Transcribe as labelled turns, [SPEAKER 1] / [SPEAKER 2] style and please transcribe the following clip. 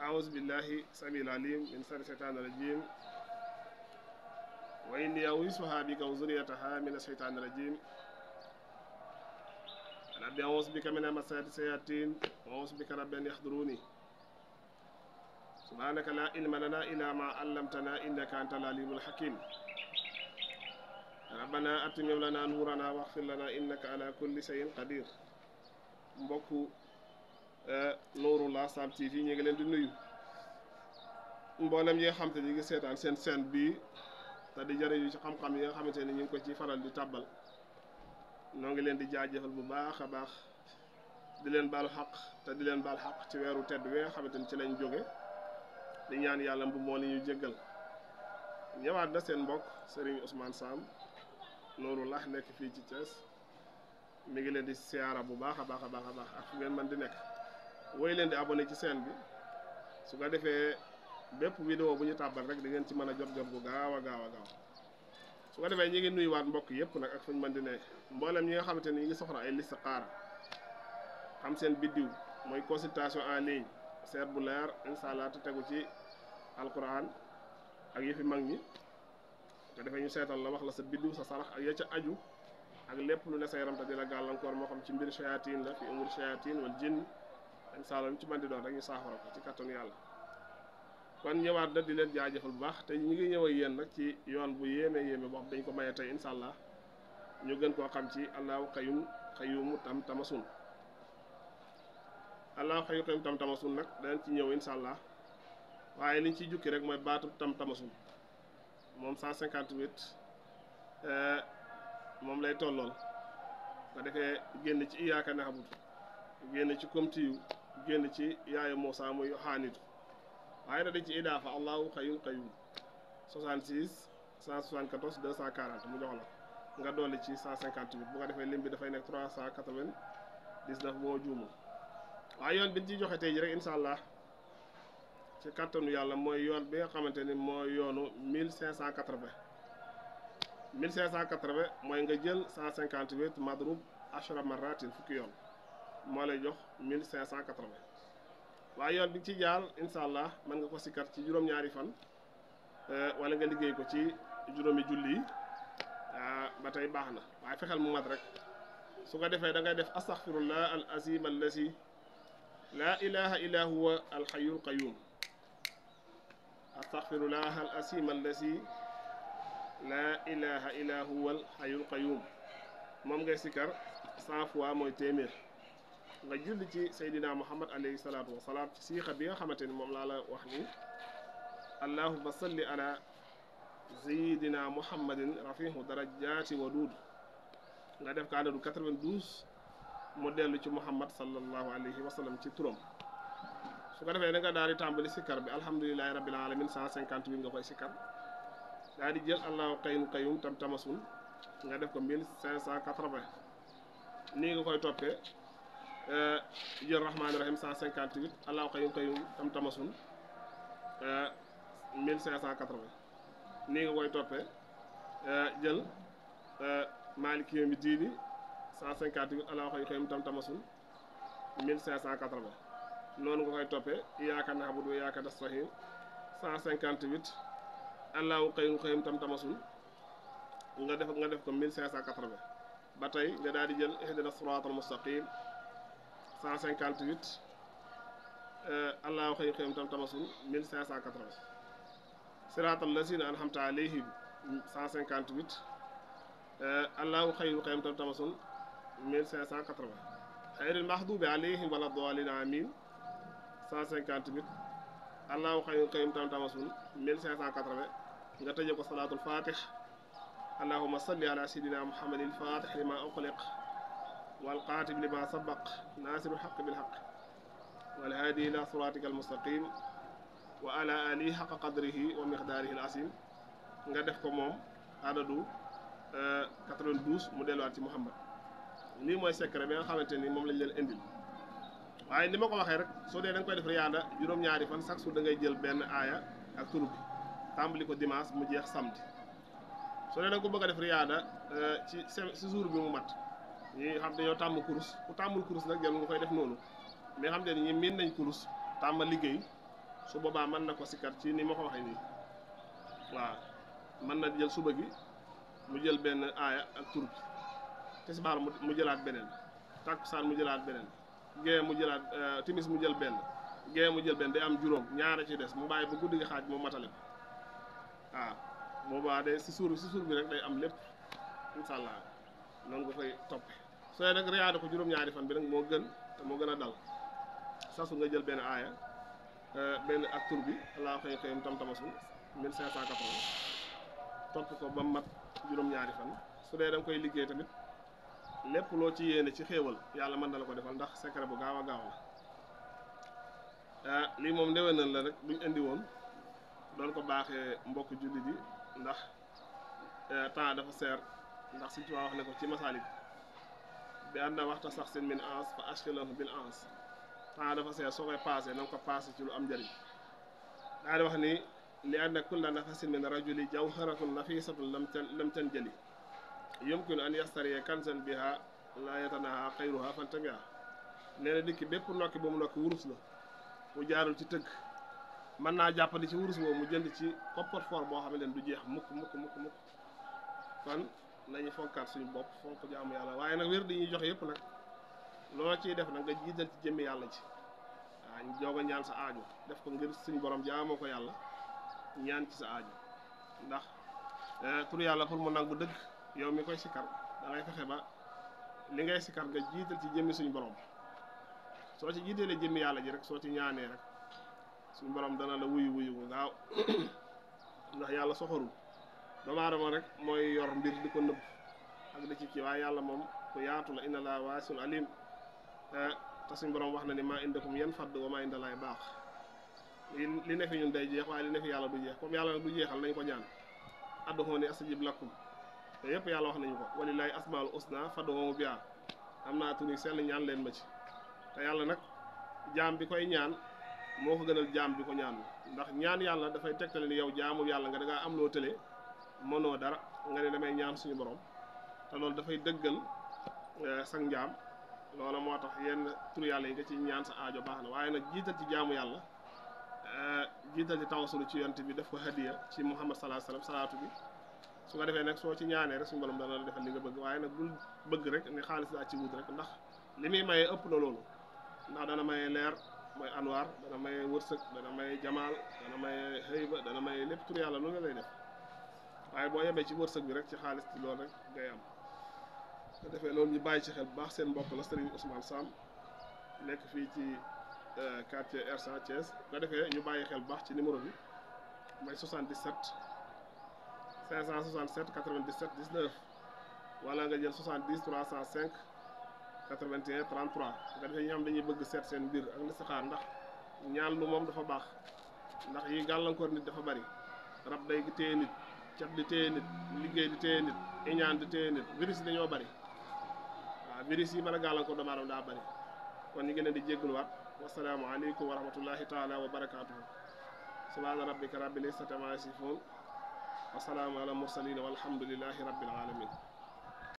[SPEAKER 1] أعوذ بالله سميع العليم من شر الشيطان الرجيم وإني أعوذها بك وذريتها من الشيطان الرجيم ربي أعوذ بك من همزات الشياطين وأعوذ بك رب أن يحضروني سبحانك لا علم لنا إلا ما علمتنا إنك أنت العليم الحكيم ربنا أتمم لنا نورنا واغفر لنا إنك على كل شيء قدير mbokku Eh, loru la Sam TV ñi ngi leen di nuyu mbolam yi nga xam te ñu ngi seetaan seen seen bii te di jëriñu ci xam-xam yi nga xamante ni ngi ko ci faral di tabal no ngi leen di jaajëfal bu baaxa baax di leen bal haq ta di leen bal haq ci wéru tedd wé nga xamante ni ci lañ joggé di ñaan yàlla bu mo li ñu jéggal ñëwaat na seen mbokk Serigne Ousmane Sam Nooru lah nekk fii ci Thiès mi ngi leen di siyaara bu baax a baax a baax a baax ak fu ngeen mën di nekk woy leen di abone ci seen bi su ko defee bépp vidéo bu ñu tàbbal rek da ngeen ci mën a jot jot bu gaaw a gaaw a gaaw su ko defee ñi ngi nuyuwaat mbokk yëpp nag ak fu ñu mën di nekk mboolem nga xamante ni ngi soxla ay listixaara xam seen biddiw mooy consultation en ligne seet bu leer incha allah tegu ci alquran ak yëfi mag ñi te defee ñu seetal la wax la sa biddiw sa sarax ak ya ca aju ak lépp lu ne sa yaram te di gàllankoor moo xam ci mbir shayatin la fi umur shayatin wal jinn ak saalum ci man doon rek ñu saafara ko ci kattanu yàlla kon ñëwaat na di leen jaajëfal bu baax te ñu ngi ñëw ak nag ci yoon bu yéeme yéeme boo xam dañ ko maye tey incha ñu gën koo xam ci allahu xayum xayumu tam tamasun allahu xayum tam tamasun nag danañ ci ñëw incha allah waaye liñ ciy jukki rek mooy baatu tam tamasun moom cent 158 euh, moom lay tollool nga defee génn ci iyaaka naxabut génn ci komti yu génn ci yaayu Moussa muy xaanitu waaye nag dañ ci idaafa allahu xayyul qayyum 66 174 240 mu jox la nga dolli ci 158 bu ko defee lim bi dafay nekk 399 moo juumu waaye yoon bi ñu ciy joxe tey ji rek incha ci kattanu yàlla mooy yoon bi nga xamante ni moo yoonu 1580 1580 mooy nga jël 158 madrub ashra maratin fukki yoon moo lay jox 1580 waaye yoon bi ci jaar incha allah mën nga ko sikkar ci juróom-ñaari fan euh, wala nga liggéey ko ci juróomi julli yi euh, ba tey baax na waaye fexeel mu mat rek su ko defee da ngay def astaghfirullah al azim allazi la ilaha illa huwa al hayyul qayyum astaghfirullah al azim allazi la ilaha illa huwa al hayyul qayyum moom ngay sikkar 100 fois mooy téeméer nga julli ci saydina muhammad alayhi salaatu wa salaam ci siixa bi nga xamante ni moom laa la wax nii allahuma salli ala sayidina muhammadin rafihu darajaati waduud nga def ko adadu 92 mu dellu ci muhammad sallallahu alayhi wa sallam ci turam su ko defee da daal di tàmbali sikkar bi alhamdulilahi rabbil alamin 150 nga koy sikkar daal di jël allahu qayyum qayyum tam tamasul nga def ko 1580 nii nga koy toppee jër eh, rahmaani rahim 158 allahu qayyum qayyum tam tamasun 1580 eh, nii nga koy toppee eh, jël maaliki yawmi diini 158 allahu qayyum qayyum tam tamasun 1580 noonu nga koy toppee iyyaka na'budu wa iyyaka nasta'iin 158 allahu qayyum qayyum tam tamasun nga def nga def ko 1580 ba tey nga daal di jël ihdina siraatal mustaqim 158 euh Allahu khayr khayr tam tabassum 1580 siratal ladina alhamta alayhi 158 الله euh, Allahu khayr khayr tam tabassum 1580 خير المحضوب عليه ولا الضالين امين 158 الله خير قيم تام تام 1580 غا تجي كو صلاه الفاتح اللهم صل على سيدنا محمد الفاتح لما اقلق والقاتب لما سبق ناصر الحق بالحق والهادي إلى صراطك المستقيم وعلى آله حق قدره ومقداره العظيم nga def ko mom adadu 92 euh, mu deluat ci muhammad ni moy secret bi nga xamanteni mom lañ leen indil waye ni mako waxe rek so de dang koy def riyanda juroom ñaari fan sax su da ngay jël ben aya ak turu bi tambali ko dimanche mu jeex samedi so de dang ko bëgg def riyanda euh, ci ci jour bi mu mat ñi xam dañoo tàmm kurus ku tàmmul kurus nag nga koy def noonu mais xam ñi miin nañ kurus tàmm liggéey su boobaa mën na ko sikar ci ni ma ko waxee nii waaw mën na jël suba gi mu jël benn aaya ak tur bi tisbaar mu jëlaat beneen takkusaan mu jëlaat beneen gee mu jëlaat euh, timis mu jël benn gee mu jël benn day am juróom ñaara ci des mu bàyyi ba guddi gi xaaj mu matale ko waaw boobaa day si suur si bi rek day am lépp incha non nga koy toppe so nak nag ko jurum ñaari fan bi nak mo gën te mo gëna a dal sasu nga jël ben aya euh ben tur bi laa xey xey tam tamasu 1580 top ko ba mat jurum ñaari fan su dé dang koy liggéey tamit lépp lo ci yéne ci xéewal yalla man dala ko defal ndax secret bu gawa a gaaw euh, li mom moom ndewenal la rek duñ indi won don ko baxé mbokk jullit yi ndax euh temps dafa seer ndax Sëñ Tuubaa wax na ko ci masaalik bi ànd na waxta sax seen min ans fa ashkilahu bil ans temps dafa see soo koy paase na ko paase ci lu am njëriñ daa di wax ni li anna kulla nafasin min rajuli jawharatun nafisatun lam tan lam tan jëli yumkinu an yastariya kanzan biha la yatanaha xayruha fantabiha nee na dikki bépp nokki ba mu nokki wurus la mu jaarul ci tëgg mën naa jàppandi ci wurus boobu mu jënd ci coffre-fort boo xam ne du jeex mukk mukk mukk mukk kon nañu fonkaat suñu bopp fonk jaamu yàlla waaye nag wér dañuy joxe yëpp nag loo ciy def nag nga jiital ci jëmmi yàlla ci waaw ñu joog ñaan sa aaju def ko ngir suñu borom jaamoo ko yàlla ñaan ci ndax eh, tur yàlla pour mu nangu dëkk yow mi koy sikar da ngay fexe ba li ngay sikar nga jiital ci jëmmi suñu borom soo ci jiitalee jëmmi yàlla ji rek soo ci ñaanee rek suñu borom dana la wuyu wuyu bu gaaw ndax yàlla soxorul doomu aadama rek mooy yor mbir di ko nëbb ak da ci kii waaye yàlla moom ku yaatu la inna laa waasun alim eh, te suñ borom wax na ni maa indakum yan fadd wa maa inda baax li li ne fi ñun day jeex waaye li ne fi yàlla du jeex comme yàlla du jeexal nañ ko ñaan adduxooni astajib lakum te yàlla wax nañu ko walillaahi asmaal usna fad'uuhu bihaa am naa tuni sell ñaan leen ma ci te yàlla nag jaam bi koy ñaan moo ko gënal jaam bi ko ñaan ndax ñaan yàlla dafay tegtale yow jaamu yàlla nga da am loo tëlee mënoo dara nga ne damay ñaan suñu borom te loolu dafay dëggal eh, sa njaam loola moo tax yenn tur yàlla yi nga ci ñaan sa aajo baax na waaye nag jiital ci jaamu yàlla eh, jiital ci tawasulu ci yonte bi def ko hadiya ci muhammad salaa salam salaatu bi su nga defee nag soo ci ñaanee rek suñu borom dana la defal li nga bëgg waaye nag bul bëgg rek ni xaalis daa ci wut rek ndax li muy maye ëpp na loolu ndax dana maye leer mooy anwaar dana maye wërsëg dana maye jamaal dana maye xëyba dana maye lépp tur yàlla loolu lay def waaye boo yemee ci wërsëg bi rek ci xaalis ci loolu rek ngay am nga defee loolu ñu bàyyi ci xel bu baax seen mbokk la Serigne Ousmane Sam lekk fii ci euh, quartier R100 Thiès nga defee ñu bàyyi xel bu baax ci numéro bi mooy 77 567 97 19 wala nga jël 70 305 81 33 nga defee ñi am dañuy bëgg set seen mbir ak listixaar ndax ñaan lu moom dafa baax ndax yi gàllankoor nit dafa bari rab day téye nit cat di téye nit liggéey di téye nit iñaan di téye nit virus yi dañoo bari waaw virus yi mën a gàllankoor doomu daa bari kon ñu ngi leen di jégguluwaat wasalaamu aleykum wa rahmatullahi taala wa barakaatuhu subhaana rabbika rabbil izzati ammaa yasifuun wa salaamun alal mursaliin walhamdulillahi rabbil aalamiin